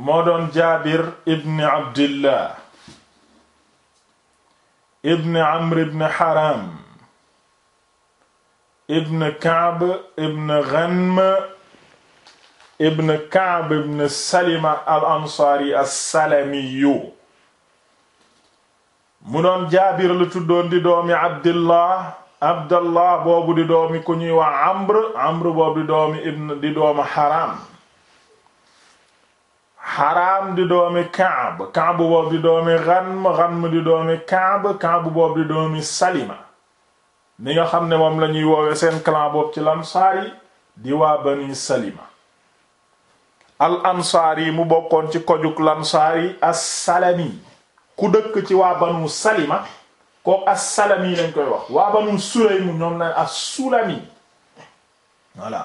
moo doon jaabir ibn abdillah ibn amr ibn haram ibn kaab ibn ghanm ibn kaab ibn salima al ansaari assalamiyu mu doon jaabir lu tuddoon di doomi abdillah abdallah boobu di doomi ku ñuy wax amr amr boobu di doomi ibn di doomi haram xaraam di doomi kaab kaab boobu di doomi xanm xanm di doomi kaab kaab boobu di doomi salima ni nga xam ne moom lañuy ñuy seen clan boobu ci lansaar yi di waa bani salima al ansaar yi mu bokkoon ci kojug lansaar yi assalami ku dëkk ci waa banu salima ko assalami lañ koy wax waa banu sulaymu ñoom na assulami voilà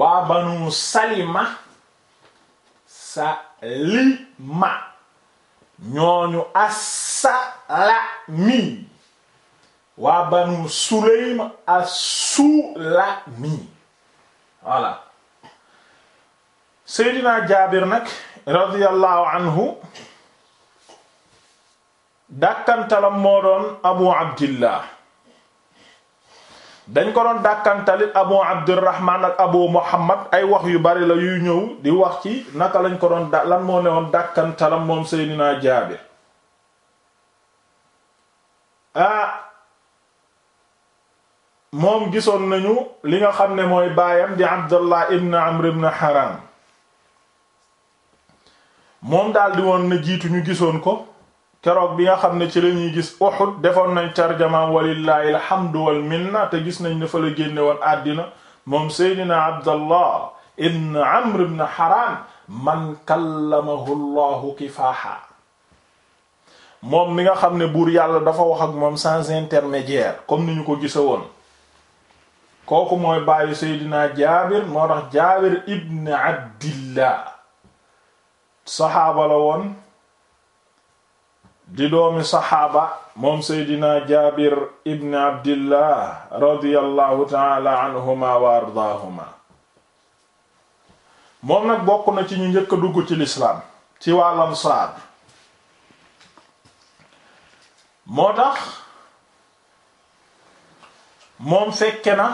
waa banu salima salima ñooñu assalami waa banu suleym assulami voilà seydina jaabir nag radiyallahu anhu dàkkantalam moo doon abu abdillah dañ ko doon dàkkantalit abu abdurrahman ak abu muhammad ay wax yu bari la yuy ñëw di wax ci naka lañ ko doon da lan moo ne woon dàkkantalam moom seydinaa jaabir ah moom gisoon nañu li nga xam ne mooy baayam di abdullah ibn amr ibn haram moom daldi woon na jiitu ñu gisoon ko keroog bi nga xam ne ci la ñuy gis Uhud defoon nañ tarjamaam walillahi alhamdu wal minna te gis nañ ne fa la génne woon àddina moom Seydina Abdallah ibn Amr ibn Haram man kallamahu llahu kifaaha moom mi nga xam ne buur yàlla dafa wax ak moom sans intermédiaire comme ni ñu ko gisa woon kooku mooy bàyyi Seydina Jaabir moo tax Jaabir ibn Abdillah saxaaba la woon di doomi saxaaba moom seydina jaabir ibn abdillah radiyallahu taala anhuma wa ardaahuma moom nag bokk na ci ñu njëkk a dugg ci lislaam ci waa lansaar moo tax moom fekke na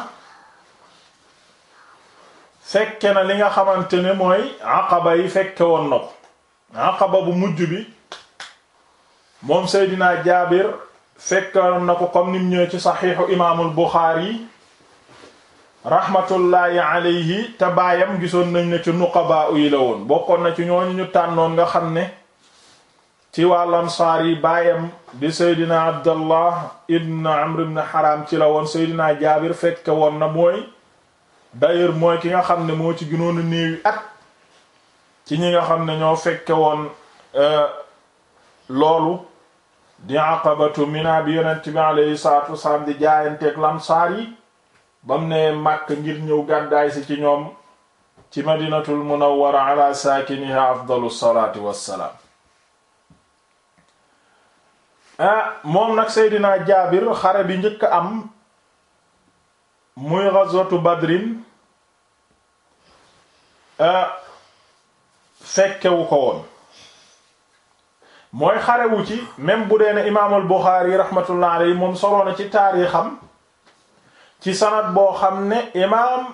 fekke na li nga xamante ne mooy aqaba yi fekke woon na ko aqaba bu mujj bi moom Seydina Jaabir fekkoon na ko comme nim ñëw ci saxiixu imaamul Buxaari rahmatullaahi alayhi te baayam gisoon nañu ne ci nuqabaa yi la bokkoon na ci ñooñu ñu tànnoon nga xam ne ci wàll ansaar yi baayam di Seydina Abdallah ibn Amr ibn ci lawoon woon Seydina Jaabir fekke woon na mooy d'ailleurs mooy ki nga xam ne moo ci gënoon a néewi at ci ñi nga xam ne ñoo fekke woon euh, loolu di aqabatu mina bi yonent bi alayhi salaatu wasalaam di jaayanteeg lamsaar yi ba mu ne màkk ngir ñëw gàddaay si ci ñoom ci madinatul munawwara ala saakiniha afdalu salaati wassalaam ah, moom nag seydinaa jaabir xare bi njëkk am muy ghazwatu badrin ah, fekkewu ko woon mooy xarewu ci même bu dee ne imaamul Buxaari rahmatullah alayhi moom soloo na ci taarixam ci sanad boo xam ne imaam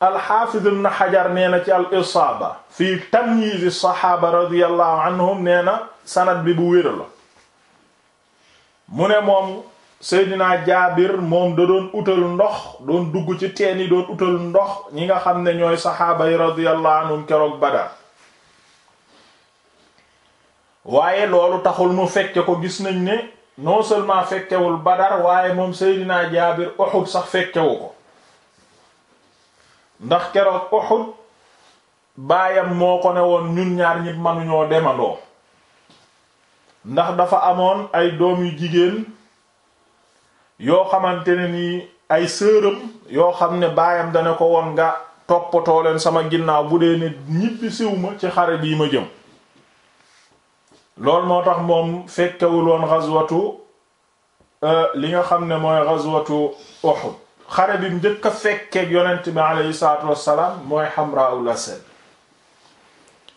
al-Hafiz ibn Hajar nee na ci al-Isaaba fii tamyiz as-sahaaba radiyallahu anhum nee na sanad bi bu wér mu ne moom Seydina Jaabir moom da doon utal ndox doon dugg ci teen yi doon utal ndox ñi nga xam ne ñooy saxaaba yi radiyallahu anhum keroog Badar waaye loolu taxul nu fekke ko gis nañ ne noo seulement fekkewul Badar waaye moom Seydina Jaabir Uhud sax fekkewu ko ndax keroog Uhud baayam moo ko ne woon ñun ñaar ñi mënuñoo demandoo ndax dafa amoon ay doom yu jigéen yoo xamante ne ni ay sëram yoo xam ne baayam dana ko woon nga toppatoo leen sama ginnaaw bu dee ne ñibbi siw ma ci xare bii ma jëm loolu moo tax moom fekkewul woon euh, li nga xam ne mooy ghazwatu Uhud xare bi njëkk a fekkeeg yonent bi aleyhi salaatu wassalaam mooy Hamra'ul Asad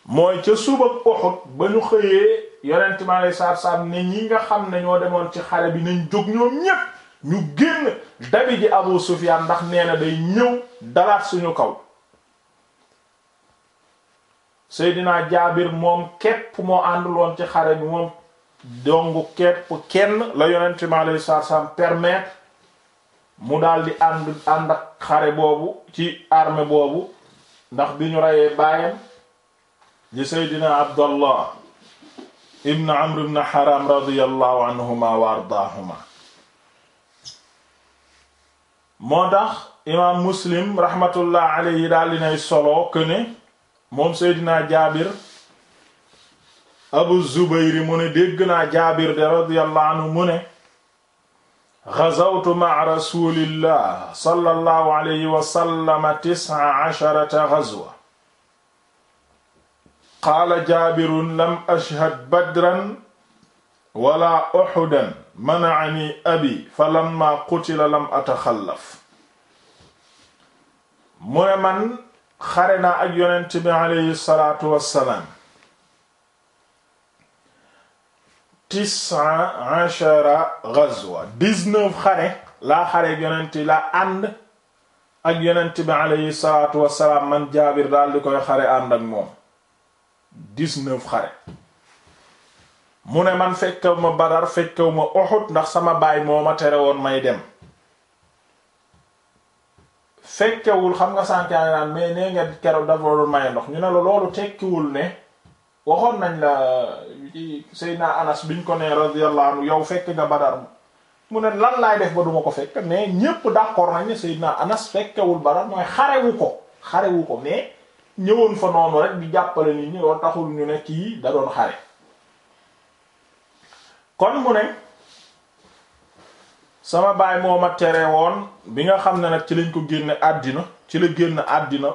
mooy ca suba Uhud ba ñu xëyee yonent bi aleyhi salaatu wassalaam ne ñi nga xam ne ñoo demoon ci xare bi nañ jóg ñoom ñépp ñu génn dabi ji Abu Sufyaan ndax nee na day ñëw dalaat suñu kaw Seydina Jaabir moom képp moo ànduloon ci xare bi moom dongu képp kenn la yonent mi alayhi salaatu mu daal di ànd ànd xare boobu ci armée boobu ndax bi ñu reyee baayam di Seydina Abdallah ibn Amr ibn Haram radiyallahu anhuma wa ardaahuma moo tax imaam Muslim rahmatullah alayhi daal di nay solo këne moom seydinaa jaabir abu zubayri mu ne dégg naa jaabir de radiyallahu anhu mu ne xazawtu ma'a rasulillah sallallahu alayhi wa sallam tis'a asharata ghazwa qaala jaabirun lam ashhad badran wala uhudan mana'ani abi falamma qutila lam atakhallaf mu ne man xare naa ak yonent bi aleyhi salaatu wassalaam tisa ashara ghazwa dix-neuf xare laa xare ak laa ànd ak yonent bi aleyhi salaatu wassalaam man jaabir daal di koy xare ànd ak moom dix xare mu ne man fekkew ma badar fekkew ma ndax sama baay moo ma tere woon may dem fekkewul xam nga sànkaane naan mais nee nga keroog dafa waroon maye ndox ñu ne la loolu tekkiwul ne waxoon nañ la ci Seydina Anas biñ ko ne radiyallahu anhu yow fekk nga Badar mu ne lan laay def ba duma ko fekk mais ñépp d'accord nañ ne Seydina Anas fekkewul Badar mooy xarewu ko xarewu ko mais ñëwoon fa noonu rek di jàppale nit ñi loolu taxul ñu ne kii da doon xare kon mu ne sama baay moo ma tere woon bi nga xam ne nag ci lañ ko génne àddina ci la génn àddina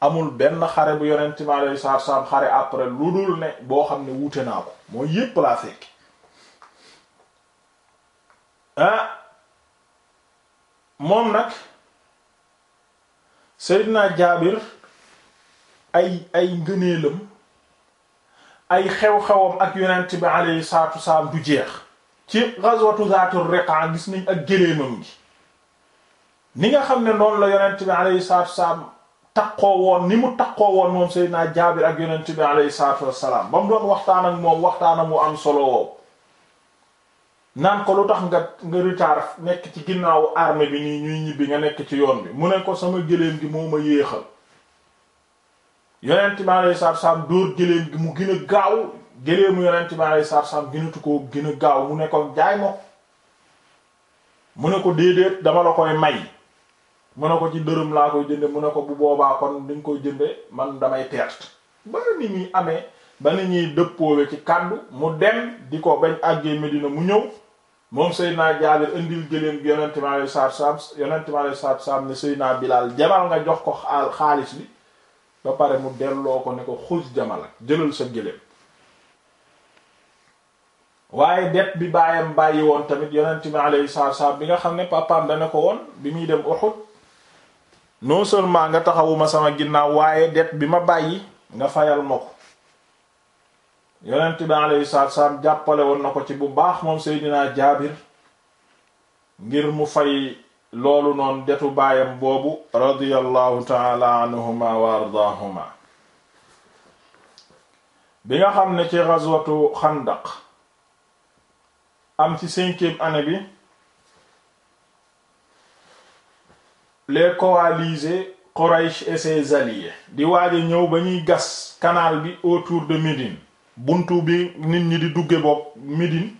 amul benn xare bu yonent mi alayhi salaatu wassalaam xare après lu dul ne boo xam ne wuute naa ko mooy yépp laa fekk ah, moom nag Seydina Jaabir ay ay ngëneelam ay xew-xewam ak yonent bi alayhi salaatu wassalaam du jeex ci ghazwatu rek riqa gis nañ ak gëléemam gi ni nga xam ne noonu la yonent bi alayhi salaatu wasalaam takkoo woon ni mu takkoo woon moom Seydina Jaabir ak yonent bi alayhi salaatu wasalaam ba mu doon waxtaan ak moom waxtaana mu am solowoo woowu naan ko lu tax nga nga retard nekk ci ginnaawu armée bi nii ñuy ñibbi nga nekk ci yoon bi mu ne ko sama gëléem gi moo ma yéexal yonent bi alayhi salaatu wasalaam dóor gëléem gi mu gën a gaaw géléemu yonent bi alayhi salaatu salaam gënatu koo gën a gaaw mu ne ko jaay ma mu ne ko déedéet dama la koy may mu ne ko ci dërëm laa koy jënde mu ne ko bu boobaa kon di nga koy jënde man damay perte ba ni muy amee ba ni ñuy dëppoowe ci kàddu mu dem di ko bañ àggee Medina mu ñëw moom Seydina Jaabir indil géléem gi yonent bi alayhi salaatu salaam yonent bi alayhi salaatu salaam ne Seydina Bilaal jamal nga jox ko xaalis bi ba pare mu delloo ko ne ko xus jamal ak jëlal sa géléem waaye det bi baayam bàyyi woon tamit yonent bi alayhi salaatu salaam bi nga xam ne papaam dana ko woon bi muy dem Uhud non seulement nga taxawuma sama ginnaaw waaye det bi ma bàyyi nga fayal ma ko yonent bi alayhi salaatu salaam jàppale woon na ko ci bu baax moom seydinaa Jaabir ngir mu fay loolu noon detu baayam boobu radiyallahu taala wa ardaahuma bi nga xam ne ci ghazwatu Xandaq am ci cinquième année bi le coalisés Quraysh et di waaje ñëw ba ñuy gas canal bi autour de Médine buntu bi nit ñi di dugge bopp Médine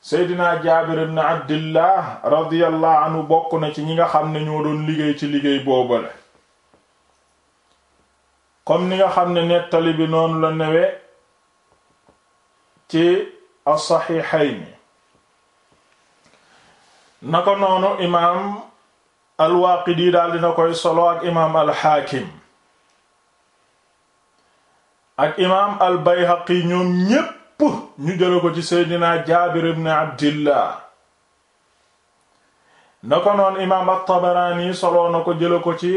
Seydina Jaabir ibn Abdillah radiyallahu anhu bokk na ci ñi nga xam ne ñoo doon liggéey ci liggéey boobale comme ni nga xam ne nettali bi noonu la newe ci as-saxiixayni naka noonu imaam al-Waaqidi daal dina koy solo ak imaam al-Xaakim ak imaam al-Bayhaqi ñoom ñépp ñu jëla ko ci seydina Jaabir ibn Abdillah naka noonu imaam at-Tabaraani solo na ko jëla ko ci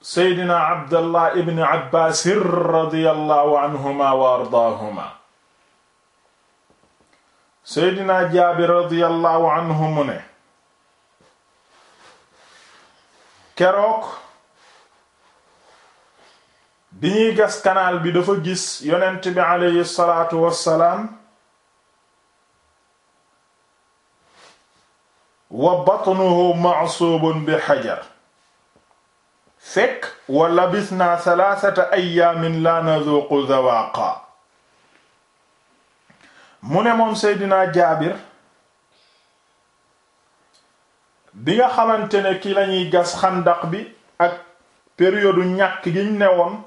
seydina Abdallah ibn Abbaasir radiyallahu anhuma wa ardaahuma seydina jaabir radiyallahu anhu mu ne keroog bi ñuy gas kanaal bi dafa gis yonent bi aleyhi salaatu wassalaam wa batnuhu ma'suubun bi xajar fekk wa labisnaa salaasata ayyaamin laa nazuuqu zawaaqa mu ne moom Seydina Jaabir bi nga xamante ne ki lañuy gas xandaq bi ak période ñàkk giñ newoon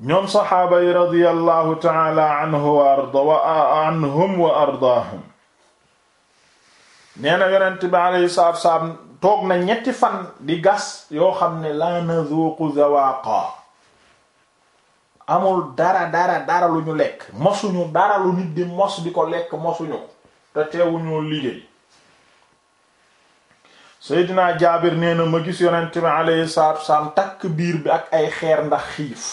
ñoom saxaaba yi taala wa arda wa anhum wa ardaahum nee na bi alayhi salaatu salaam toog na ñetti fan di gas yoo xam ne la nazuqu zawaaqa amul dara dara dara lu ñu lekk mosuñu dara lu nit di mos di ko lekk mosuñu te teewuñoo liggéey Seydina Jaabir nee na ma gis yonent bi alayhi salaatu wasalaam takk biir bi ak ay xeer ndax xiif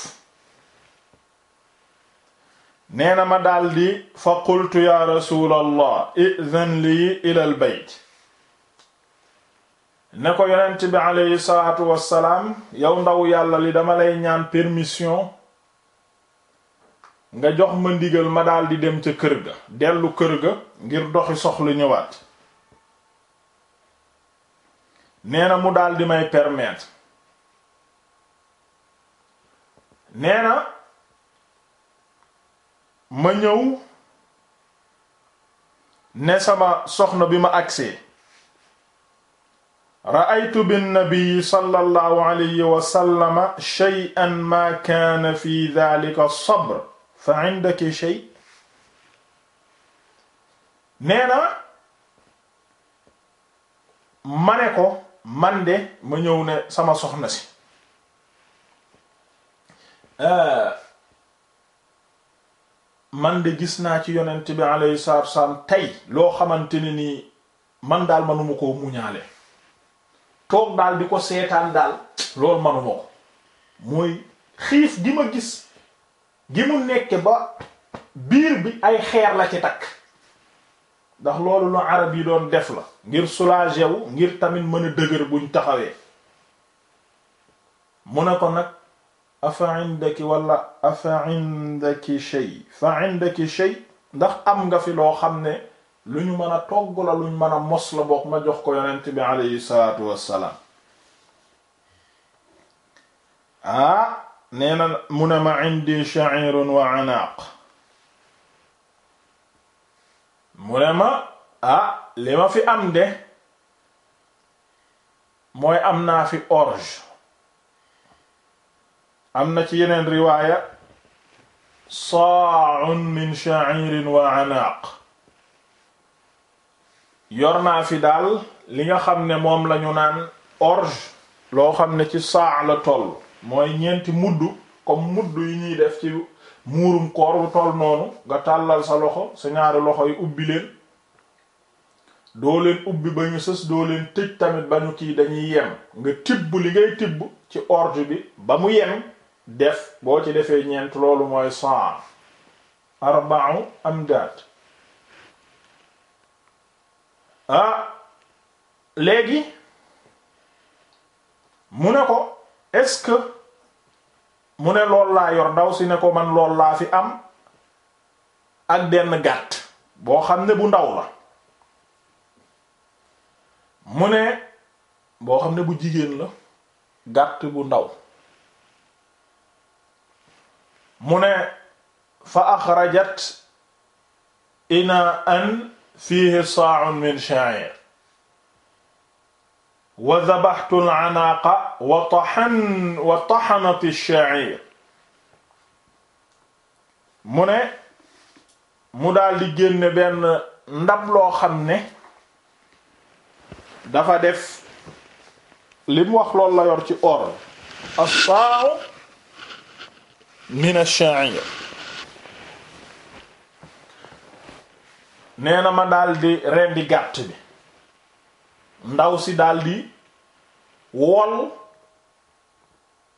nee na ma daldi fa qultu ya rasuulallah izan lii ilal bayt ne ko yonent bi alayhi salaatu wasalaam yow ndaw yàlla li dama lay ñaan permission nga jox ma ndigal ma daldi dem ca kër ga dellu kër ga ngir doxi soxla ñëwaat nee na mu daldi may permettre nee na ma ñëw ne sama soxna bi ma agsee ra'aytu bi sallallahu alayhi wa sallama shay'an ma kaana fi dhalika sabr fa indaki shay nee na ma ne ko man de ma ñëw ne sama soxna si euh, man de gis naa ci yonent bi alayhi salaatu wassalaam tey loo xamante ne nii man daal manuma koo muñaale toog daal di ko seetaan daal loolu manuma ko mooy xiif di ma gis gi mu nekk ba biir bi ay xeer la ci takk ndax loolu lu arab yi doon def la ngir soulager ngir tamit mën a dëgër buñ taxawee mu ne ko nag afa indaki walla afa indaki shay fa indaki shay ndax am nga fi loo xam ne lu ñu mën a togg la luñ mën a mos la bokk ma jox ko yonent bi aleyhi salaatu wassalaam ah nee na mu ne ma indi sha'irun wa anaaq mu ma a ah, lima ma fi am de mooy am naa fi orge am na ci yeneen riwaaya saa'un min sha'irin wa anaaq yor naa fi daal li nga xam ne moom lañu naan orge loo xam ne ci saa la toll mooy ñeenti mudd comme mudd yi ñuy def ci muurum koor bu toll noonu nga tàllal sa loxo sa ñaari loxo yi ubbi leen doo leen ubbi ba ñu sës doo leen tëj tamit ba ñu kii dañuy yem nga tibb li ngay tibb ci orge bi ba mu yem def boo ci defee ñeent loolu mooy saa arba'u am ah léegi mu ne ko est-ce que mu ne lool laa yor ndaw si ne ko man lool laa fi am ak benn gàtt boo xam ne bu ndaw la mu ne boo xam ne bu jigéen la gàtt bu ndaw mu ne fa axrajat ina an fiihi saa'un min sha'ir wa dhabaxtu al wa tahan wa tahanat shair mu ne mu daldi génne benn ndab loo xam ne dafa def li mu wax loolu la yor ci or as-sa' min ash-sha'ir nee ma daldi rendi gàtt bi ndaw si daldi wol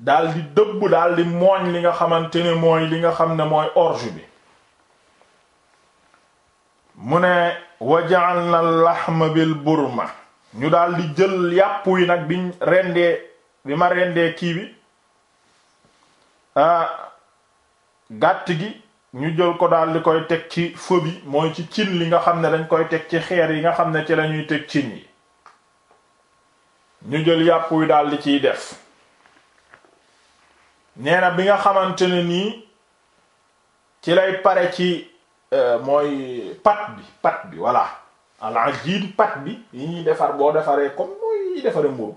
daldi di dëbb daal mooñ li nga xamante ne mooy li nga xam ne mooy orge bi mu ne wa ja'alna al-lahma burma ñu daal jël yàpp wi nag biñ rendee bi ma rendee kii bi ah gàtt gi ñu jël ko daal di koy teg ci feu bi mooy ci cin li nga xam ne dañ koy teg ci xeer yi nga xam ne ci lañuy teg cin yi ñu jël yàpp wi daal di ciy def nee na bi nga xamante ne nii ci lay pare ci euh, mooy pat bi pat bi voilà alajin pat bi yi ñuy defar boo defaree comme mooy yi defare mburu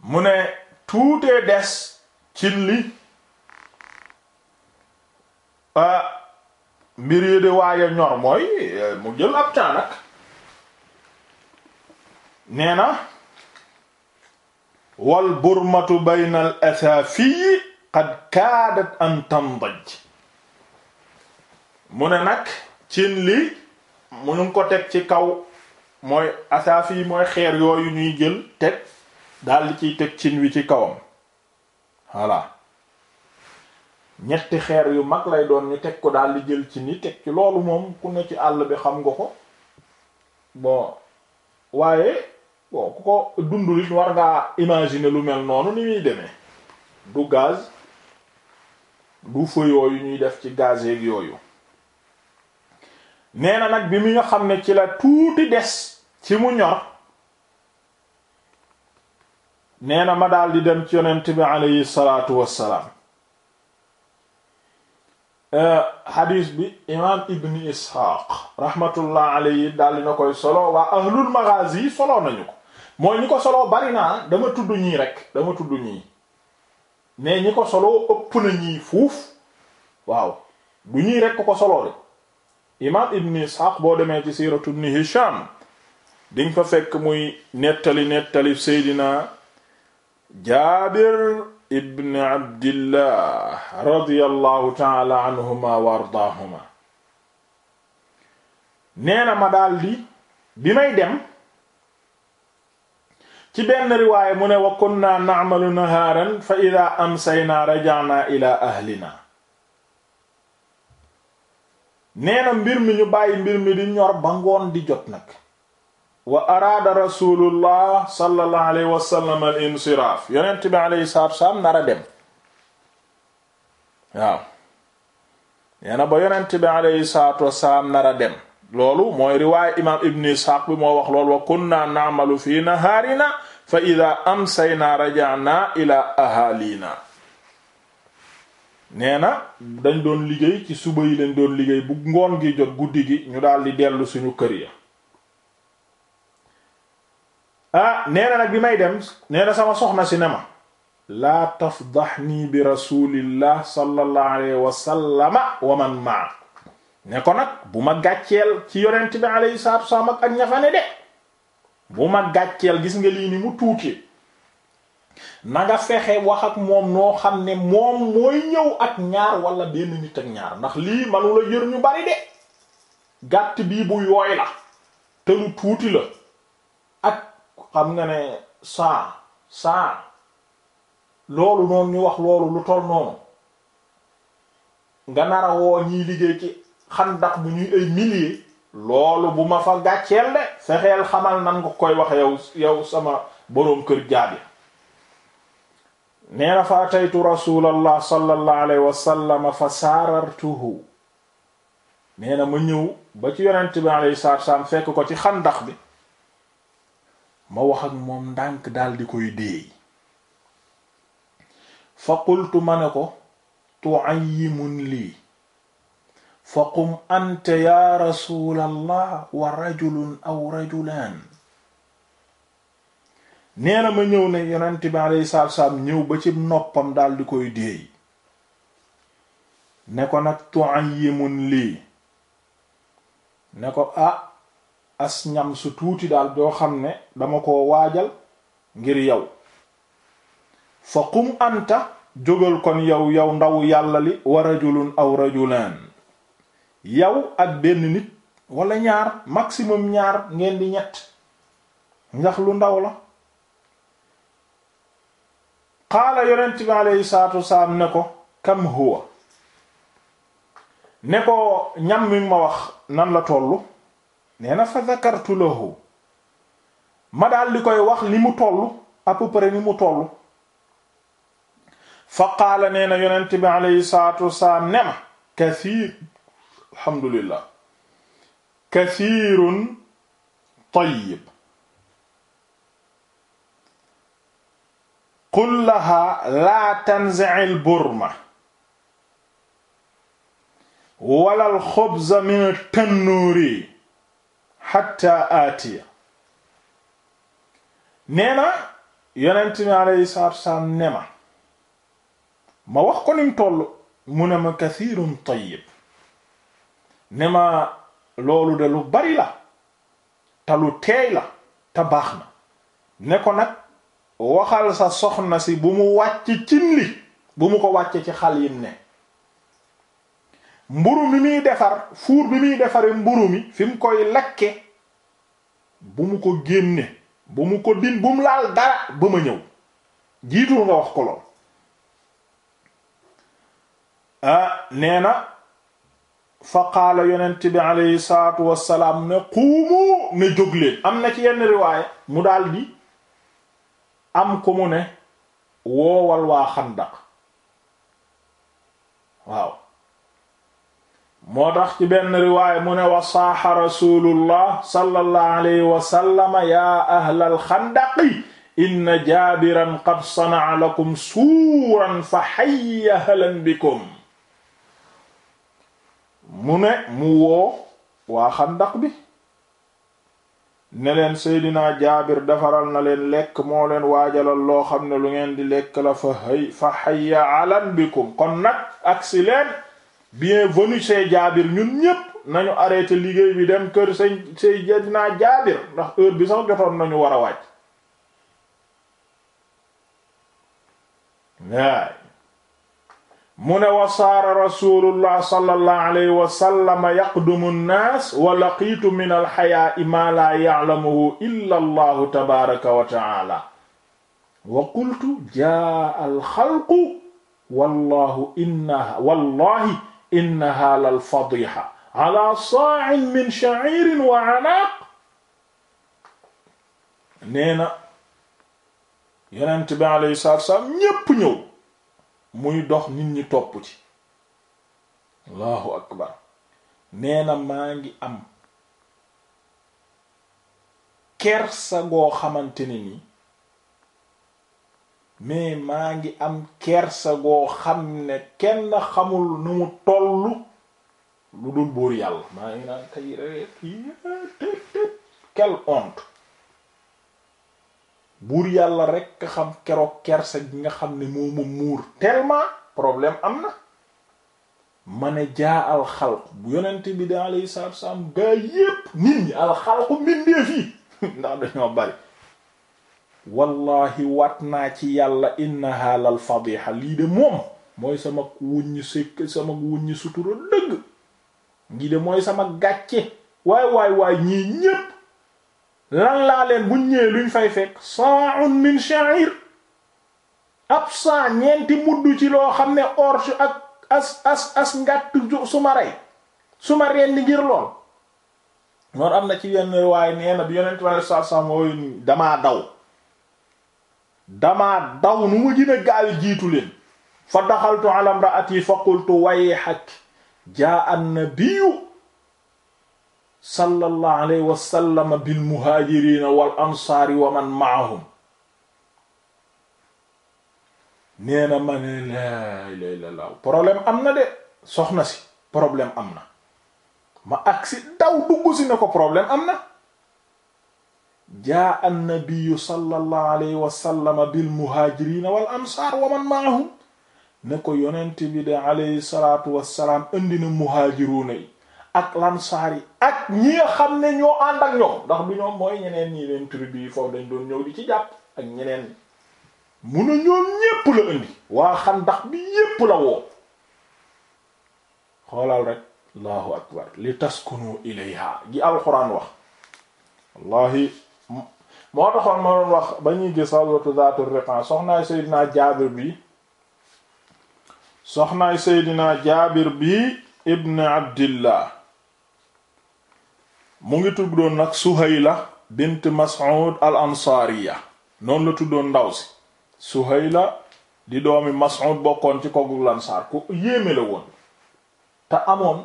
mu ne tuutee des cin li euh, mbir yi di ñor mooy euh, mu jël ab temps nag nee na wal burmatu bayna al asaafiyi qad kaadat an tandaj mu ne nag cin li mu ñu ko teg ci kaw mooy asaafi yi mooy xeer yooyu ñuy jël teg daldi ciy teg cin wi ci kawam voilà ñetti xeer yu mag lay doon ñu teg ko di jël cin yi teg ci loolu moom ku ne ci àll bi xam nga ko bon waaye bon ku ko dundul it war ngaa imaginer lu mel noonu ni muy demee du gaz du feu yooyu ñuy def ci gaz yeeg yooyu nee na nag bi mi nga xam ne ci la tuuti des ci mu ñor nee na ma daal di dem ci yonent bi aleyhi salaatu wassalaam xadiis bi imaam ibni isxaaq rahmatullah aleyhi daal di na koy solo waa ahlul maghazi solo nañu ko mooy ñi ko soloo bari naa dama tudd ñii rek dama tudd ñii mais ñi ko solo ëpp na ñii fuuf waaw du ñii rekk ko soloo de imaam ibn Ishaq boo demee ci siiratu ni Hisham di fa fekk muy nettali nettali seydina Jaabir ibn Abdillah radiyallahu taala anhuma wa ardaahuma nee na ma daldi bi may dem ci benn riwaaya mu ne wa kunna na'malu nahaaran fa idha amsayna raja'na ila ahlina nee mbir mi ñu bàyyi mbir mi di ñor ba ngoon di jot nag wa araada rasulullah sallallahu alayhi wa sallam al insiraaf yonent bi alayhi salaatu wasalaam nar a dem waaw nee na ba yonent bi alayhi salaatu wasalaam nar a dem loolu mooy riwaaya imaam ibn Ishaq bi moo wax loolu wa kunna na'malu fi nahaarina fa ida amsayna raja'na ila ahalina nee na dañ doon liggéey ci suba yi lañ doon liggéey bu ngoon gi jot guddi gi ñu daal di dellu suñu kër yi ah nee nag bi may dem nee sama soxna si ne ma laa tafdaxnii bi rasulillah sallallahu alayhi wa wa man maa ne ko nag bu ma gàcceel ci yonent bi alayhi salaatu ak ñafane de bu ma gàcceel gis nga lii ni mu tuuti na nga fexe wax ak moom noo xam ne moom mooy ñëw ak ñaar walla benn nit ak ñaar ndax lii manu la ñu bari de gàtt bii bu yooy la te lu tuuti la ak xam na ne saa saa loolu noonu ñu wax loolu lu toll noonu nga nar a liggéey ci xandax bu ñuy ay milliers loolu bu ma fa gàcceel de fexeel xamal nan nga koy wax yow sama boroom kër jaabir neena fa ataytu rasulallah sallallahu alayhi wasallam fa saarartuhu neena ma ñëw ba ci yonent bi alayhi salaatu salaam fekk ko ci xandax bi ma wax ak moom ndànk dal di koy déey fa qultu ma ne ko tu'ayyimun lii faqum ante ya rasulallah wa rajulun aw rajulan nee ma ñëw na yonent bi ñëw ba ci noppam daal di koy déey ne ko nag tu'ayyimun lii ne ko ah as ñam su tuuti daal doo xam ne dama ko waajal ngir yow faqum anta jógal kon yow yow ndaw yàlla li wa rajulun aw rajulan yow ak benn nit walla ñaar maximum ñaar ngeen di ñett ndax lu ndaw la xaala yonent bi alayhi saatu wasalaam ne ko kam huwa ne ko ñam mi ma wax nan la tollu nee na fa zakartu lahu ma daal di koy wax li mu tollu à peu ni mu tollu fa qaala nee na yonent bi alayhi saatu wasalaam ne ma kasiir alhamdulillah kasiirun tayyib qul laha laa tanzi'il burma wala alxubza min tannuuri hatta aatiya nee na yonent mi alayhi salaatu wasalaam ne ma ma wax ko nim toll mu ne ma kasiirun tayyib ne ma loolu de lu bari la te lu teey la te baax na ne ko nag waxal sa soxna si bu mu wàcc cin li bu mu ko wàccee ci xal yim ne mburu mi muy defar fuur bi muy defare mburu mi fi mu koy lakke bu mu ko génne bu mu ko din bu mu laal dara ba ma ñëw jiitul nga wax ko lool ah nee na fa qaala yonent bi alayhi salaatu wassalaam ne quumu ne jóg am na ci yenn riwaaya mu daldi am ko mu ne woowal waa xandaq waaw moo tax ci benn riwaaya mu ne wa saaxa rasulullah sallallahu alayhi wa sallam yaa ahlal xandaqi inna jaabiran qad sana'a lakum suuran fa hayya halan bikum mu ne mu woo waa xandax bi ne leen seydinaa jaabir defaral na leen lekk moo leen waajalal loo xam ne lu ngeen di lekk la fa hay fa hayya alan bikum kon nag agsi leen bienvenue see jaabir ñun ñépp nañu arrêté liggéey bi dem kër sëñ seydinaa jaabir ndax heure bi sax jotoon nañu war a wàcc waay mu ne wa saara rasulullah sallallahu alayhi wa sallam yaqdumu nnaas wa laqiitu min alxayaa'i maa laa ya'lamuhu illa allahu tabaaraka wa ta'aala wa qultu jaa alxalqu wallahu inna wallahi innaha lalfadiixa ala saa'in min sha'iirin wa anaaq nee na yonent bi alayhi salaatu wa salaam ñépp ñëw muy dox nit ñi topp ci allahu akbar neena na maa ngi am kersa goo xamante ne ni mais maa ngi am kersa goo xam ne kenn xamul nu mu tollu lu dul buur yàlla maa ngi naan kay reet quelle honte buur yàlla rekk xam keroog kerse bi nga xam ne moo ma muur tellement problème am na ma ne jaa alxalq bu yonent bi da alayhi salaatu wassalaam gaa yépp nit ñi alxalqu mbindeef yi ndax dañoo bari wallahi wat naa ci yàlla innaha lal fadiha lii de moom mooy sama wuññi sekk sama wuññi sutura dëgg lii de mooy sama gàcce waay waay waay ñii ñépp lan laa leen buñ ñëwee luñ fay fekk sa'un min sha'ir ab saa ñeenti mudd ci loo xam ne orge ak as as as ngàtt su ma rey su ma reen ngir lool noonu am na ci yenn waaye nee na bi yonent wala saa saa mooy damaa daw damaa daw nu mu gën a gaawi jiitu leen fa daxaltu ala yi fa qultu wayhak jaa an nabiyyu sallallahu alayhi wa sallama bil muhaajiriina wal ansaari wa man ma'ahum nee na ma ne laa ilaaha am na de soxna si problème am na ma aksi daw dugg si ne ko problème am na jaa annabiyu sallallahu alayhi wa sallama bil muhaajiriina wal ansaar wa man ma'ahum ne ko yonent bi de alayhi salaatu wa salaam indi na muhaajiruuna ak lansaar yi ak ñi nga xam ne ñoo ànd ak ñoom ndax bi ñoom mooy ñeneen ñi leen tribu yi foofu dañ doon ñëw di ci jàpp ak ñeneen mun a ñoom ñépp la indi waa xandax bi yépp la woo xoolal rek allahu akbar li taskunu ilayha gi alxuraan wax wallahi moo taxoon ma doon wax ba ñuy gis salatu soxnaay seydinaa jaabir bi soxnaay seydinaa jaabir bi ibn abdillah mu ngi tuddoon nag Suhayla bint Mas'ud al ansaariya noonu la tuddoon ndaw si Suhayla di doomi Mas'ud bokkoon ci kogul Ansaar ku yéeme la woon te amoon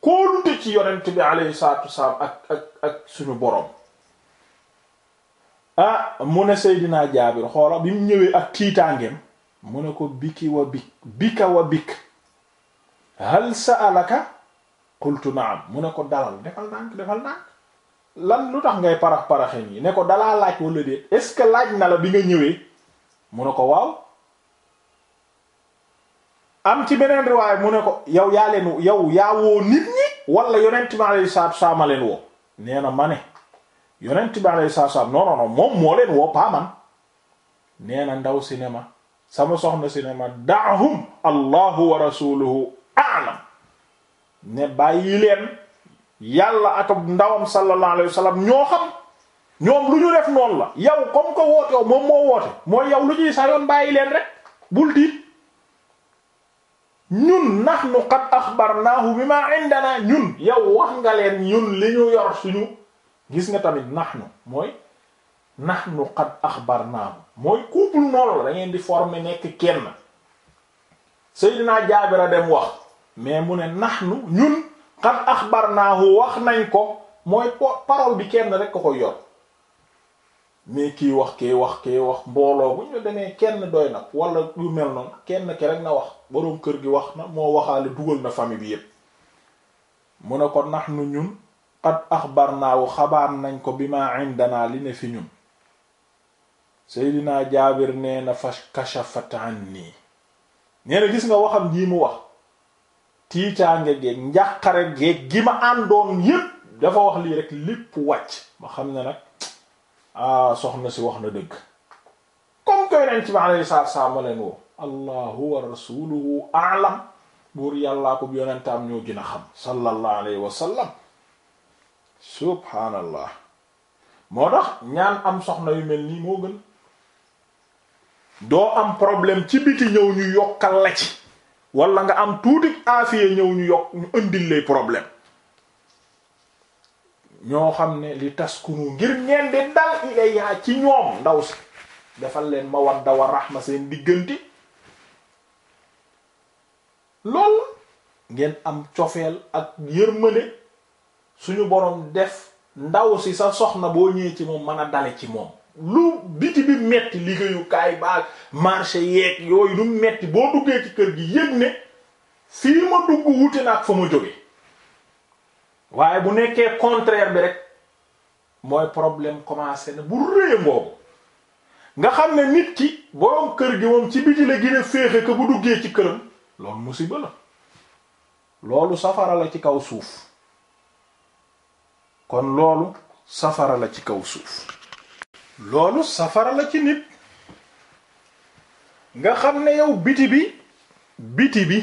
kóolute ci yonent bi alayhi salaatu wasalaam ak ak ak suñu boroom ah mu ne Seydina Jaabir bi mu ñëwee ak sa'alaka qultu naam mu ne ko dalal defal ndànk defal ndànk lan lu tax ngay parax paraxe ñi ne ko dalaa laaj wala déet est-ce que laaj na la bi nga ñëwee mu ne ko waaw am ci beneen riwaay mu ne ko yow yaa leen yow yaa woo nit ñi wala yonent bi alayhi salaatu leen woo nee na ma ne yonent bi alayhi salaatu salaam non non non moom moo leen woo paa man nee na ndaw cinéma sama soxna cinéma daahum allahu wa rasuluhu a'lam ne bàyyi leen yàlla ak ndawam sallallahu alayhi wasallam ñoo xam ñoom lu ñu def noonu la yow comme que woote moom moo woote mooy yow lu ñuy sa yoon bàyyi leen rek bul tiit ñun nahnu qad axbarnaahu bima indana ñun yow wax nga leen ñun li ñu yor suñu gis nga tamit nahnu mooy nahnu qad axbarnaahu mooy couple noonu la da di forme nekk kenn Seydina Jaabir a dem wax mais mu ne nax nahnu ñun qad axbarnaahu wax nañ ko mooy parole bi kenn rek ko yor mais kii wax kee wax kee wax mbooloo bu ñu demee kenn doy nag walla yu mel noonu kenn ki rek na wax boroom kër gi wax na moo waxaale dugal na famille bi mu ne ko nax nahnu ñun qad axbarnaahu xabaar nañ ko bi ma indana li ne fi ñun Seydina Jaabir nee na fa kashafat nii nee na gis nga waxam jii mu wax tiitaange géeg njàqare gee gi ma àndoon yépp dafa wax lii rek lépp wàcc ma xam ne nag ah, soxna si wax na dëgg comme koy ren ci ma alei saatu salaam ma leen woo ko yonentaam ñoo gën a xam sallallahu alayhi wa sallam subhaanallah moo tax ñaan am soxna yu mel nii moo gën doo am problème ci biti ñëw ñu yokkal la ci wala nga am tuuti aafiya ñëw ñu yokk ñu indil lay problème ñoo xam ne li taskunu ngir ngeen di dal ilayha ci ñoom ndaw si defal leen mawadda wa rahma seen diggante lool ngeen am cofeel ak yërmande suñu boroom def ndaw si sa soxna boo ñëwee ci moom mën a dale ci moom lu biti bi metti liggéeyukaay baag marché yeeg yooyu lu metti boo duggee ci kër gi yëg ne fii ma dugg wuute na ak fa ma jóge waaye bu nekkee contraire bi rek mooy problème commencé na bu rëy boobu nga xam ne nit ki boroom kër gi moom ci biti la gën féexe que bu duggee ci këram loolu musiba la loolu safara la ci kaw suuf kon loolu safara la ci kaw suuf loolu safara la ci nit nga xam ne yow biti bi biti bi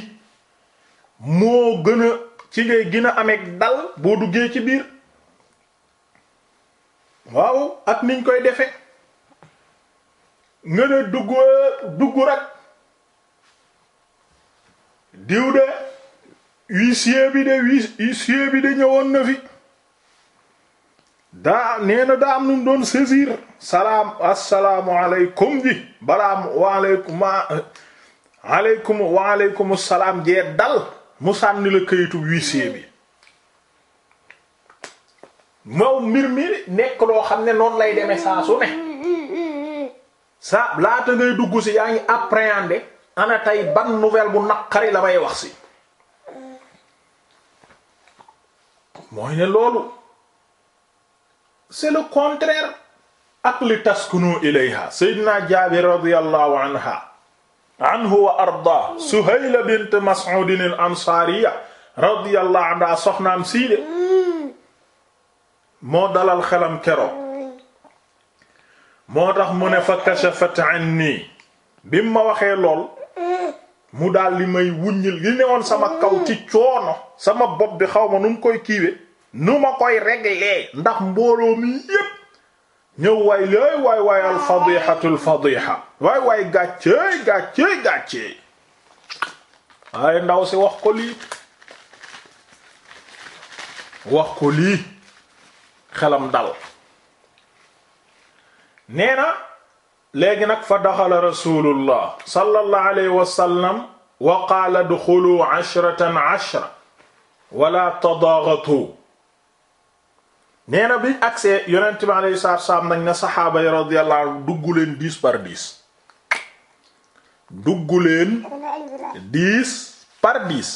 moo gën a ci ngay gën a amee dal boo duggee ci biir waaw ak niñ koy defe nga ne dugg dugg rek diw de huissier bi de huissier bi de ñëwoon na fi daa nee na daa am nu doon saisir salaam asalaamualeykum ji balaa waaleykum waaleykum waaleykum salaam jee dal mu sànni la kayitu huissier bi moom mbir mi nekk loo xam ne noonu lay demee saa su laata ngay dugg si yaa ngi appréhender ana tey ban nouvelle bu naqari la may wax si mooy ne loolu. c'est le contraire ak li taskunu ilayha sayyidina jaabir radiyallahu anha anhu wa suhayla bint mas'udin ansaariya radiyallahu anha soxnaam sii de moo dalal xelam kero moo tax mu ne fa kashafat anni bi ma waxee lool mu daal may wuññil li newoon sama kaw ci coono sama bopp bi xaw ma nu mu koy kiiwe nu ma koy régler ndax mbooloo mi yépp ñëw waay laay waay waay alfadixatu alfadixa waay waay gàccey gàccey gàccey waaye ndaw si wax ko lii wax ko lii xelam dal nee na léegi nag fa daxala rasulullah sallallahu alayhi wa sallam wa qaala duxulu ashratan ashra wala tadaaghatu nee bi biñ agsee yonent bi alayhi salaatu wassalaam nañ na saxaaba yi radiyallahu anhu dugg leen dix par dix dugg leen dix par dix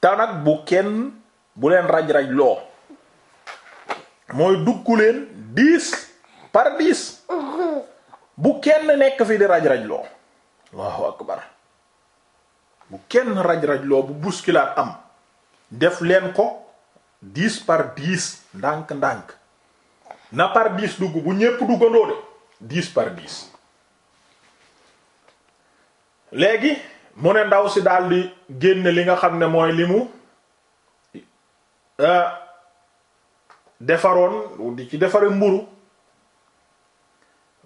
te bu kenn bu leen raj-raj loo mooy dugg leen dix par dix bu kenn nekk fi di raj-raj loo allahu akbar bu kenn raj-raj loo bu bousculade am def leen ko dix par dix ndànk-ndànk na par dix dugg bu ñépp duggandoo de dix par dix léegi mu ne ndaw si daldi génn li nga xam ne mooy li mu euh, defaroon di ci defare mburu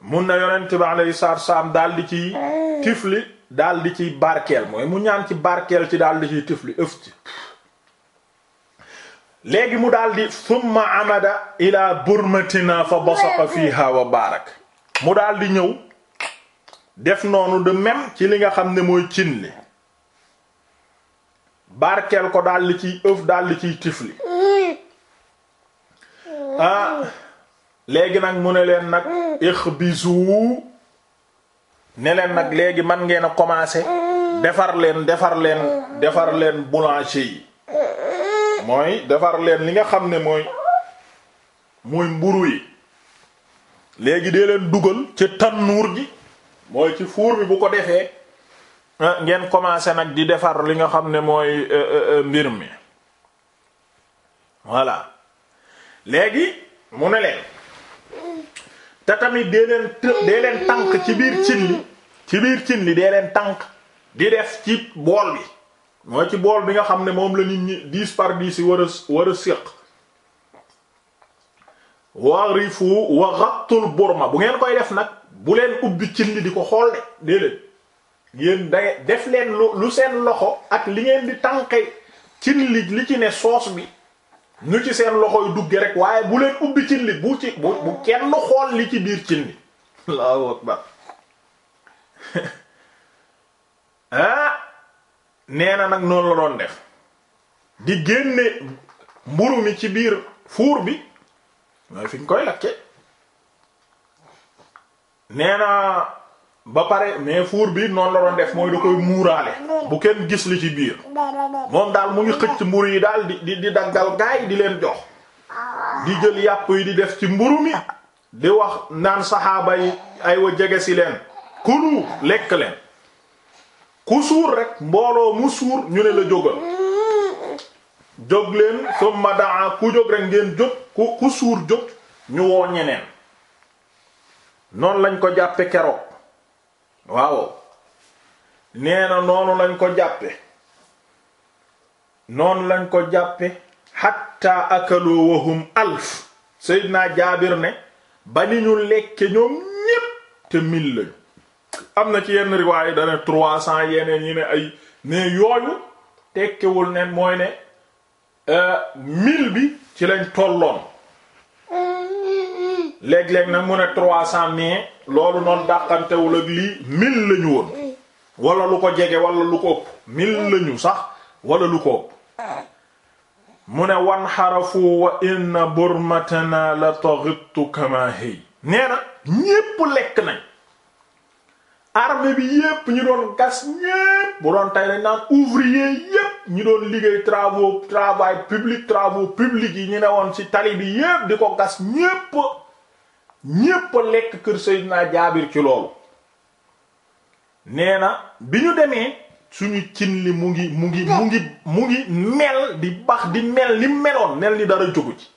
mun na yonent bi alayhi salaatu salaam daldi ci tifli daldi ciy barkeel mooy mu ñaan ci barkeel ci daldi ciy tifli ëf ci léegi mu daldi summa amada ila burmatina fa basaqa fiha wa barak mu daldi ñëw def noonu de même ci li nga xam ne mooy cin li barkeel ko daldi ciy ëf daldi ciy tifli ah léegi nag mu ne leen nag ixbisu ne leen nag léegi man ngeen a defar leen defar leen defar leen boulanger yi mooy defar leen li nga xam ne mooy muy mburu yi léegi dee leen dugal ci tannuur gi mooy ci fuur bi bu ko defee ah, ngeen commencé nag di defar li nga xam ne mooy euh, euh, euh, mbir mi voilà léegi mu ne leen te tamit dee leen dee tànk ci biir cin li ci biir cin li dee leen tànk di def ci bool bi mooy ci bool bi nga xam ne moom la nit ñi diis par dix yi war a war a séq warifu wa xattul burma bu ngeen koy def nag bu leen ubbi cin li di ko xool de déedéet yéen da def leen lu seen loxo ak li ngeen di tànqe cin li li ci ne soos bi ñu ci seen loxo yu dugge rek waaye bu leen ubbi cin li bu ci bu bu kenn xool li ci biir cin li allahu akbar ah nee na nag noonu la doon def di génne mburu mi ci biir fuur bi mooy fi ñu koy lakke nee na ba pare mais fuur bi noonu la doon def mooy da koy muuraale bu kenn gis li ci biir moom daal mu ngi xëcc mburu yi daal di di di daggal gaay di leen jox di jël yàpp yi di def ci mburu mi di wax naan saxaaba yi ay wa jege si leen kunu lekk leen ku suur rek mbooloo mu suur ñu ne la jógal jóg leen summa daa ku jóg rek ngeen jóg ku ku suur jóg ñu woo noonu lañ ko jàppe keroog waaw nee na noonu lañ ko jàppe noonu lañ ko jàppe hatta akaloo wahum alf Seydina Jaabir ne ba ñu lekke ñoom ñépp te mil am na ci yenn riwaay dane trois cent yeneen ñi ne ay mais yooyu tekkewul ne mooy ne euh, mil bi ci lañ tolloon léeg-léeg nag mu ne trois cent mais loolu noonu dàqantewul ak lii mille la ñu woon wala lu ko jege wala lu ko ëpp mille la ñu sax wala lu ko ëpp mu ne wan xarafu wa inna na la taghittu kama hiy nee na ñépp lekk nañ armée bi yépp ñu doon gas ñépp bu doon tey lañ ouvrier yépp ñu doon liggéey travaux travail public travaux publics yi ñu ne woon ci tali bi yépp di ko gas ñépp ñépp a lekk kër Seydina Jaabir ci loolu nee na bi ñu demee suñu cin li mu ngi mu ngi mu ngi mu ngi mel di bax di mel ni meloon mel ni dara jógu ci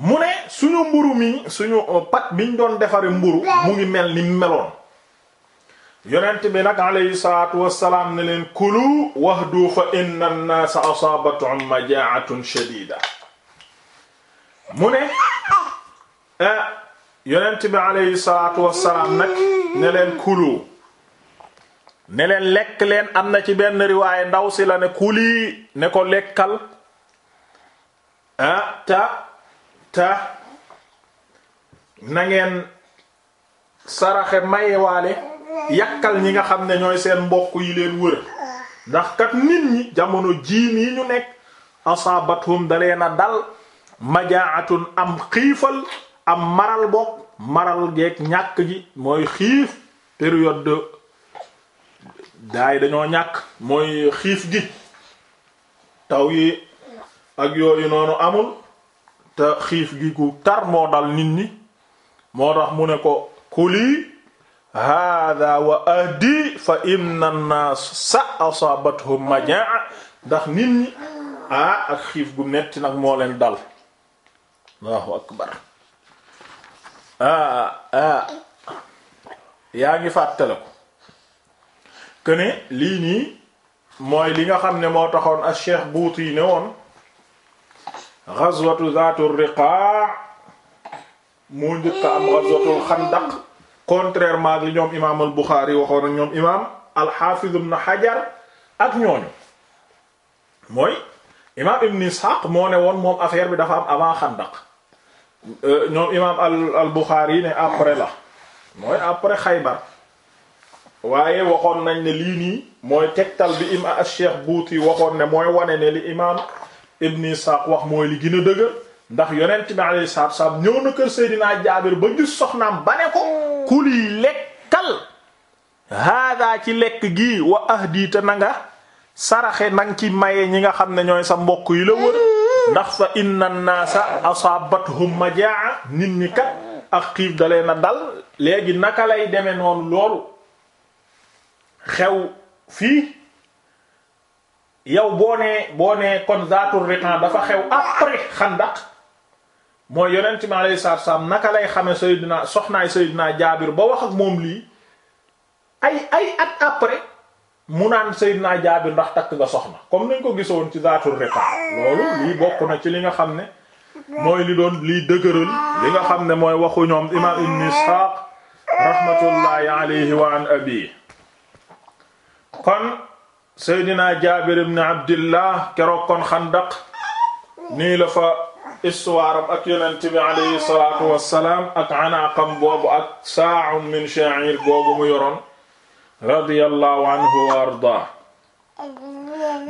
mu ne suñu mburu mi suñu euh, pat biñ doon defare mburu mu ngi mel ni meloon yonent bi nag alayhi salaatu wassalaam ne leen kulu wahdu fa inna an-naasa asaabathum majaa'atun shadiida mu ne eh, yonent bi alayhi salaatu wassalaam nag ne leen kulu ne leen lekk leen am na ci benn riwaaye ndaw si la ne kuli ne ko lekkal ah eh, ta te na ngeen saraxe mayewaale yàkkal ñi nga xam ne ñooy seen mbokk yi leen wër ndax kat nit ñi jamono jii nii ñu nekk asaabathum dalee na dal majaatun am xiifal am maral bokk maral geeg ñàkk gi mooy xiif période de daay dañoo ñàkk mooy xiif gi taw yi ak yooyu noonu amul te xiif gi gu tar moo dal nit ñi moo tax mu ne ko kuli hada wa ahdi fa inna nasa asaabathum majaa ndax nit ñi ah ak xiif gu metti nag moo leen dal ah, ah. yaa ngi fàttale ko que lii nii mooy li nga xam ne moo taxoon ak Cheikh Buuti ne woon ghazwatu zaatur riqaa moo njëkk a am ghazwatul xandaq contrairement ak li ñoom imaam al Buxaari waxoon ak ñoom imaam al Haafiz ibn Hajar ak ñooñu mooy imaam ibn Ishaq moo ne moom affaire bi dafa am avant xandaq euh, ñoom imaam al al ne après la mooy après Xaybar waaye waxoon nañ ne lii nii mooy tegtal bi imaam al Cheikh buuti waxoon ne mooy wane ne li imaam. Ibn Isaaq wax mooy li gën dëgër ndax yonent bi alayhi salaatu wassalaam ñëw na kër Seydina Jaabir ba gis soxnaam ba ne ko kuli lekkal haadaa ci lekk gi wa ahdi te na nga saraxe na ci maye ñi nga xam ne ñooy sa mbokk yi la wër ndax fa inna naasa asaabathum majaa nit ñi kat ak xiif dalee na dal léegi naka lay demee noonu loolu xew fii yow boo nee boo nee kon zaatul riqan dafa xew après xandaq mooy yonent mi alayhi salaatu salaam naka lay xame na soxnaay Seydina Jaabir ba wax ak moom lii ay ay at après mu naan Seydina Jaabir ndax takk nga soxna comme nañ ko gisoon ci zaatul riqan loolu lii bokk na ci li nga xam ne mooy li doon lii dëgëral li nga xam ne mooy waxu ñoom imaam Ibn Isxaaq rahmatullahi alayhi wa an abi kon seydina jaabir ibn abdillah keroog kon xandaq nii la fa histoire am ak yonent bi alayhi salaatu wassalaam ak anaaqam boobu ak saa'un min sha'ir boobu mu yoroon radiyallahu anhu wa ardaa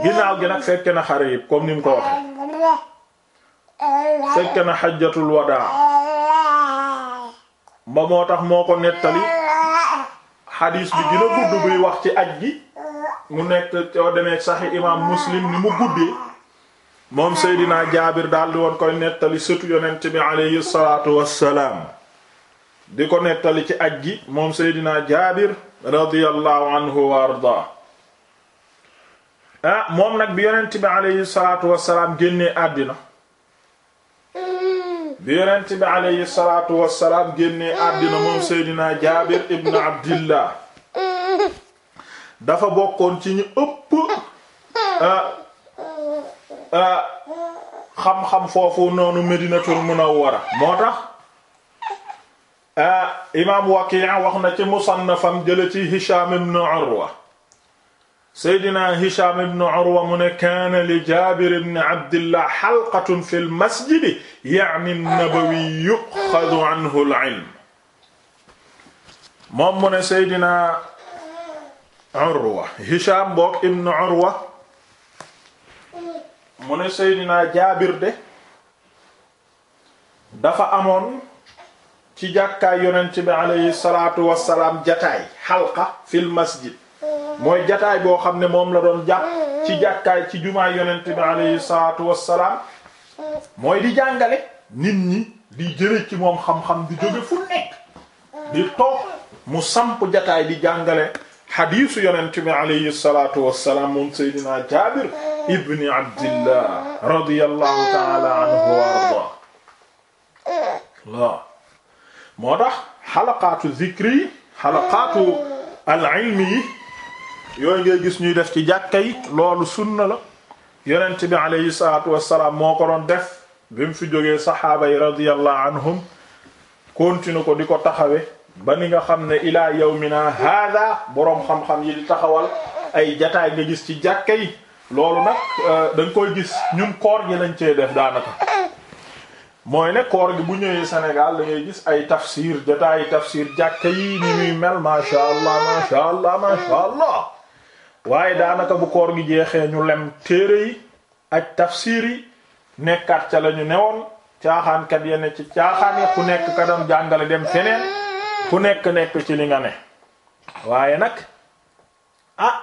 ginnaaw gi nag fekk na xare yi comme ni mu ko waxee fekk na xajjatul ba moo tax moo ko nettali xadiis bi dina gudd buy wax ci aj gi mu nekk coo demee saxi muslim ni mu guddee moom seydina jaabir daal di woon koy nettali sëtu yonent bi aleyhi salaatu wassalaam di ko nettali ci aj gi moom seydina jaabir radiyallahu anhu wa ardaa ah moom nag bi yonent bi aleyhi salaatu wassalaam génnee àddina bi yonent bi aleyhi salaatu wassalaam moom seydina jaabir ibn abdillah dafa bokkoon ci ñu ëpp euh, euh, xam-xam foofu noonu Medinatul Munawwara moo tax euh, imaam Waki' wax na ci musannafam jële ci Hisham ibn Urwa Seydina Hisham ibn Urwa mu ne kaana li Jaabir ibn Abdillah halqatun fil masjidi ya'ni an-nabawi yu'khadhu anhu al-'ilm moom mu ne Seydina Urwa Hisham boog ibn Urwa mu ne Seydina Jaabir de dafa amoon ci jàkkaay yonent bi aleyhi salaatu wassalaam jataay xalqa fil masjid mooy jataay boo xam ne moom la doon jàpp ci jàkkaay ci jumaa yonent bi aleyhi salaatu wassalaam mooy di jàngale nit ñi di jële ci moom xam-xam di jóge fu nekk di toog mu samp jataay di jàngale xadiisu yonent bi alayhi salaatu wassalaam moom seydina jaabir ibni abdillah radiyallahu taala anhu wa ardaa waaw moo tax xalaqaatu zikri yi xalaqaatu al-ilmi yi yooyu ngay gis ñuy def ci jàkka yi loolu sunna la yonent bi alayhi salaatu wassalaam moo ko doon def bi mu fi jógee saxaaba yi radiyallahu anhum continue ko di ko taxawe ba ni nga xam ne ilaa yawmina hada boroom xam-xam yi di taxawal ay jataay nga gis ci jàkka yi loolu nag euh, dañ koy gis ñun koor gi lañ cee def daanaka mooy ne koor gi bu ñëwee senegal da gis ay tafsir jataayi tafsir jàkka yi ni muy mel masha allah masha allah masha allah waaye daanaka bu koor gi jeexee ñu lem téere yi ak tafsir yi nekkaat ca lañu ñu newoon caaxaankat yene ci caaxaan ku nekk ka doon jàngale dem feneen ku nekk nekk ci li nga ne waaye nag ah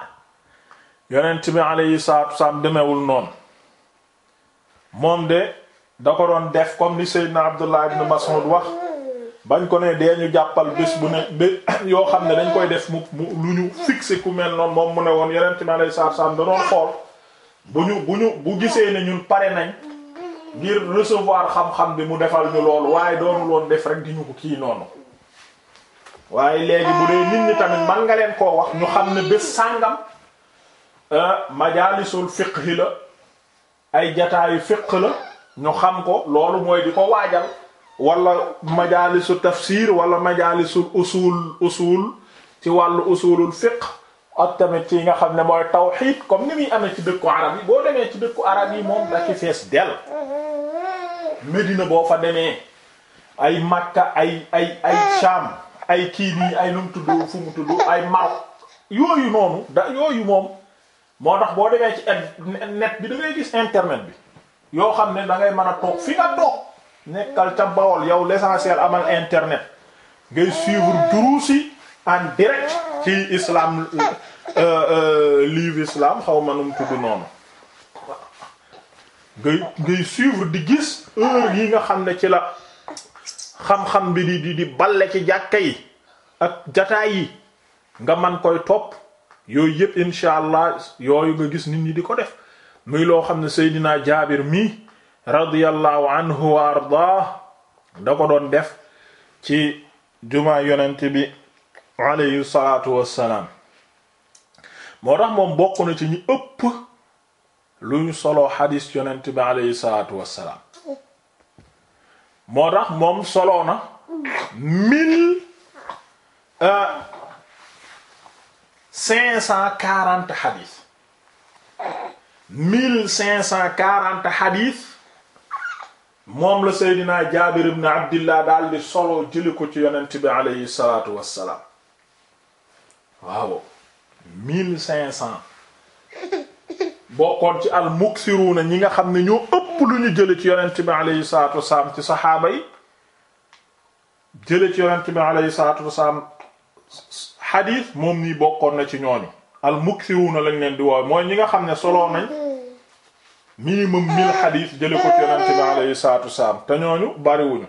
yonent bi yi salaatu wasalaam demewul noonu moom de da ko doon def comme ni Seydina Abdullah ibn Mas'ud wax bañ ko ne dee ñu jàppal bés bu ne bé yoo xam ne dañ koy def mu lu ñu fixé ku mel noonu moom mu ne woon yonent bi alayhi salaatu wasalaam da doon xool bu ñu bu ñu bu gisee ne ñun pare nañ ngir recevoir xam-xam bi mu defal ñu loolu waaye doonul woon def rek di ñu ko kii noonu waaye léegi bu dee nit ñi tamit man nga leen koo wax ñu xam ne bés sàngam euh, majalisul fiqhi la ay jataayu fiqh la ñu xam ko loolu mooy di ko waajal wala majalisu tafsir wala majalisul usul usul ci wàllu usulul fiqh ak tamit ci nga xam ne mooy tawxiid comme ni muy amee ci dëkku arab yi boo demee ci dëkku arab yi moom da ci fees dell Medina boo fa demee ay Makka ay ay ay Sham ay kii nii ay lu mu fu mu tudd ay Maroc yooyu noonu da yooyu moom moo tax boo demee ci net bi da ngay gis internet bi yoo xam ne dangay ngay mën a toog fi nga toog nekkal ca Bawol yow l'essentiel amal internet ngay suivre duruus yi en direct ci islam euh, euh, live islam xaw ma nu mu tudd noonu ngay ngay suivre di gis heure yi nga xam ne ci la. xam-xam bi di di di ci jàkka yi ak jataay yi nga man koy topp yooyu yëpp insha allah yooyu nga gis nit ñi di ko def muy loo xam ne seydina jaabir mii radiyallahu anhu wa ardah da ko doon def ci jumaa yonent bi alayhi salatu wassalaam moo tax moom bokk na ci ñu ëpp lu ñu soloo xadiis yonent bi alayhi salatu wassalaam moo tax moom solo na mille euh, cinq cent quarante xadiis mille cinq cent quarante xadiis moom la Seydina Jaabir ibn Abdillah daal di solo jëli ci yonent bi aleyhi salaatu wassalaam waaw bokkoon ci al muksiruuna ñi nga xam ne ñoo ëpp lu ñu jële ci yonent bi alayhi salaatu wasalaam ci saxaaba yi jële ci yonent bi alayhi salaatu wasalaam xadiis moom nii bokkoon na ci ñooñu al muksiruuna lañ leen di woow mooy ñi nga xam ne soloo nañ minimum mille xadiis jële ko ci yonent bi alayhi salaatu wasalaam te ñooñu bariwuñu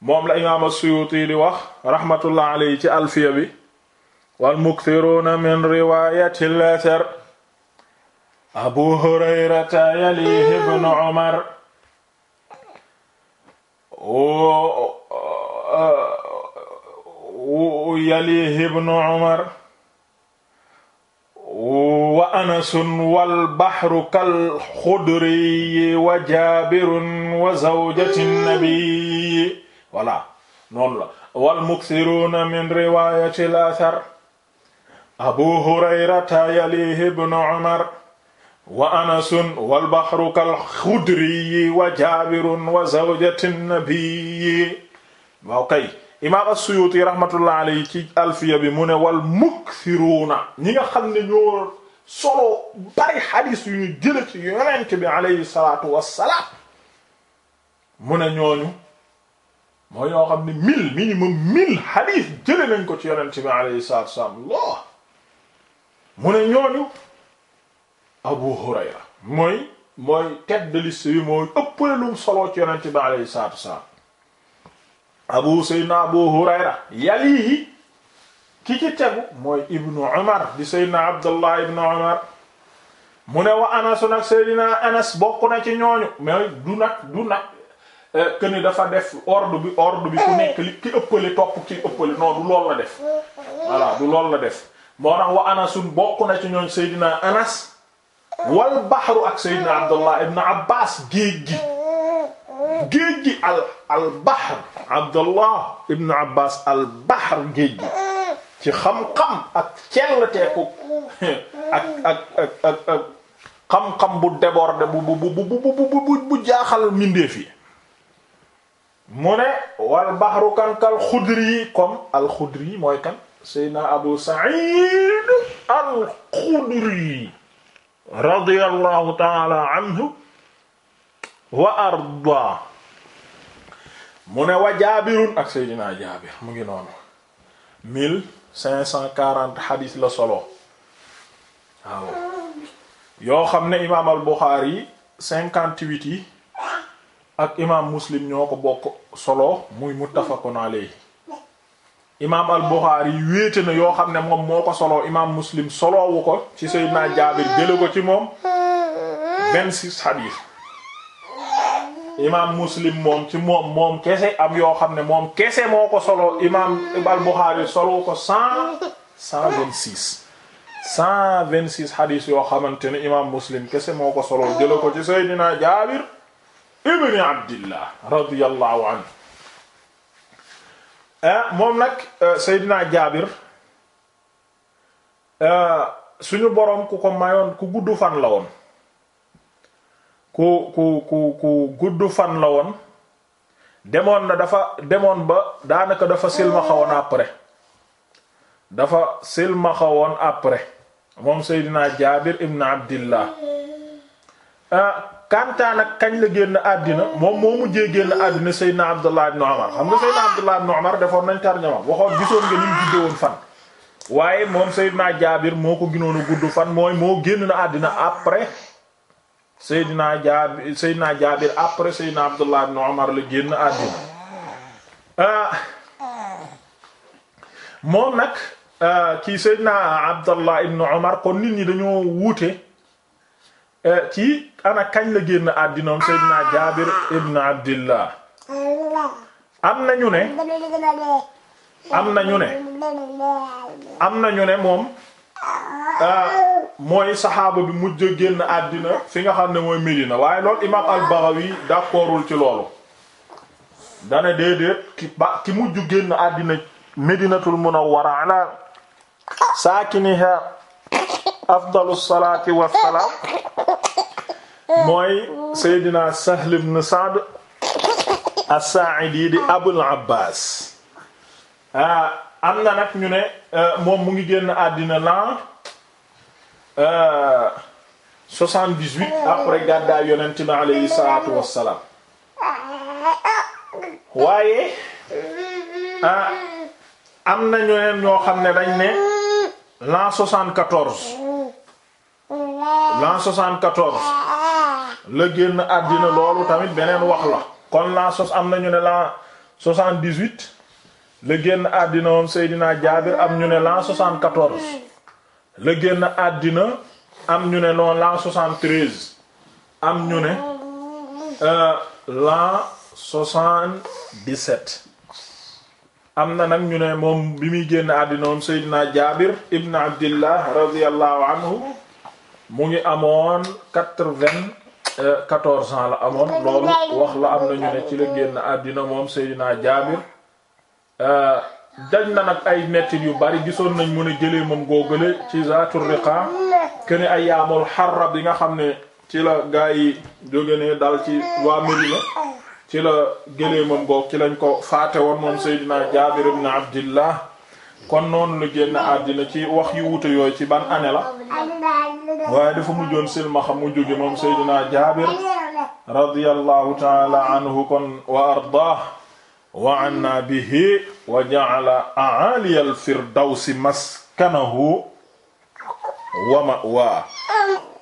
moom la imaam as-Suyuti di wax rahmatullah alayhi ci alfiya bi wal muksiruuna min riwaayatil athar abu hurayrata yalihi ibnu umar yalihi ibnu umar wa anasun walbahru kal xudriyi wa jabirun wa zawjati nnabiyi voilà noonu la walmuksiruuna min riwayati al athar abu hurayrata yalihi ibnu umar wa anasun walbahru kalxudriyi wa jabirun wa kay imaam as-Suyuti rahmatullah ci alfiya bi mu ne wal mukthiruna ñi nga xam ne ñoo solo bari xadiis yu ñu jële ci yonent bi alayhi wassalaam mu ne ñooñu mooy ñoo xam ne mille minimum mille xadiis jële nañ ko ci yonent bi wassalaam Allah mu ne ñooñu Abu Hurayra mooy mooy tête de liste bi mooy ëppale solo ci yonent bi alayhi salaatu wassalaam abu seydna abu hurayra yalihi ki ci tegu mooy ibnu umar di seydna abdullah ibnu umar mu ne wa anas nag seydna anas bokk na ci ñooñu mais du nag du nag euh, que ni dafa def ordre bi ordre bi ku nekk li ki ëppale topp ki ëppale non du lool la def voilà du lool la def moo tax wa anasun bokk na ci ñooñ seydna anas wal baxru ak Seydina Abdullah ibn Abbas géej gi géej gi al al baxr Abdullah ibn Abbas al baxr géej gi ci xam-xam ak celleteeku ak ak ak ak xam-xam bu débordé bu bu bu bu bu jaaxal mindeef yi mu ne wal baxru kan xudri comme al xudri mooy kan Seydina Abu Sa'id al xudri radiyallahu taala anhu wa arda mu ne wa jaabirun ak seydinaa jaabir mu ngi noonu mil cinq cent quarante xadiis la solo waaw yoo xam ne imaam al Buxaari yi cinquante-huit yi ak imaam Muslim ñoo ko bokk solo muy muttafaqun alayhi imaam al-Bukhari wéete na yoo xam ne moom moo ko soloo imaam Muslim soloowu ko ci Seydina Jaabir jële ko ci moom vingt-six hadith moom ci moom moom kese am yoo xam ne moom kese moo ko soloo imaam al-Bukhari soloo ko cent cent vingt-six cent vingt-six yoo xamante ne imaam Muslim kese moo ko soloo jële ko ci Seydina Jaabir ibn Abdillah radiyallahu anhu Ah, moom nag euh, Seydina Jaabir euh, suñu boroom ku ko mayoon ku gudd fan la woon ku ku ku ku gudd fan la woon demoon na dafa demoon ba daanaka dafa silma après dafa silma xawoon après moom Seydina Jaabir ibn Abdillah ah, Kantaa nag kañ la génn àddina moom moo mujjee génn àddina Seydina Abdullah ibn Umar xam nga Seydina Abdullah ibn Umar defoon nañ tarjama waxoon gisoon nga liñ judde fan. waaye moom Seydina Jaabir moo ko ginoon a gudd fan mooy moo génn na àddina après Seydina Jaabir Seydina Jaabir après Seydina Abdullah ibn Umar la génn àddina ah, moom nag ah, kii Seydina Abdullah ibn Umar kon nit ñi dañoo wuute. ci eh, ana kañ la génn àddinoom Seydina ah. Jaabir ibn Abdillah am nañu ne am nañu ne am na ñu ne moom ah, mooy saxaaba bi mujj génn àddina fi nga xam ne mooy Medina waaye loolu imaam al-Baghawi d'accordul ci loolu dana déedéet ki ba ki mujj génn àddina Medinatul Munawwara ala saakiniha afdalu salaati wassalaam Eh. mooy Seydina Sahl ibn Sa'd as-Sa'idi di Abul Abbas ah, am na nag ñu ne eh, moom mu ngi génn àddina l'an eh, soixante-dix-huit après gàddaay yonent ah, am na ñeneen ñoo xam ne dañ ne l'an soixante-quatorze la génn àddina loolu tamit beneen wax la kon la sos am nañu ne la 78 la génn àddina moom Seydina Jaabir am ñu ne la 74 la génn àddina am ñu ne noon la 73 am ñu ne euh, la 77 am na nag ñu ne moom bi muy génn àddina moom Seydina Jaabir ibn Abdillah radiyallahu anhu mu ngi amoon quatre-vingts quatorze ans la amoon loolu wax la am nañu ne ci la génn àddina moom Seydina Jaabir euh, daj na nag ay mettit yu bari gisoon nañ mën a jëlee moom góogale ci Zaatur Riqa kene ay yaamul xarra bi nga xam ne ci la gaa yi jóge ne dal ci waa Medina ci la gëlee moom goog ci lañ ko faate woon moom Seydina Jaabir ibn Abdillah kon noonu la génn àddina ci wax yu wuute yooyu ci ban année la waaye dafa mujjoon silmaxa mu jóge moom Seydina Jaabir radiyallahu taala anhu kon wa ardaah wa anna bihi wa ja'ala a'ali al-firdawsi maskanahu wa ma'waa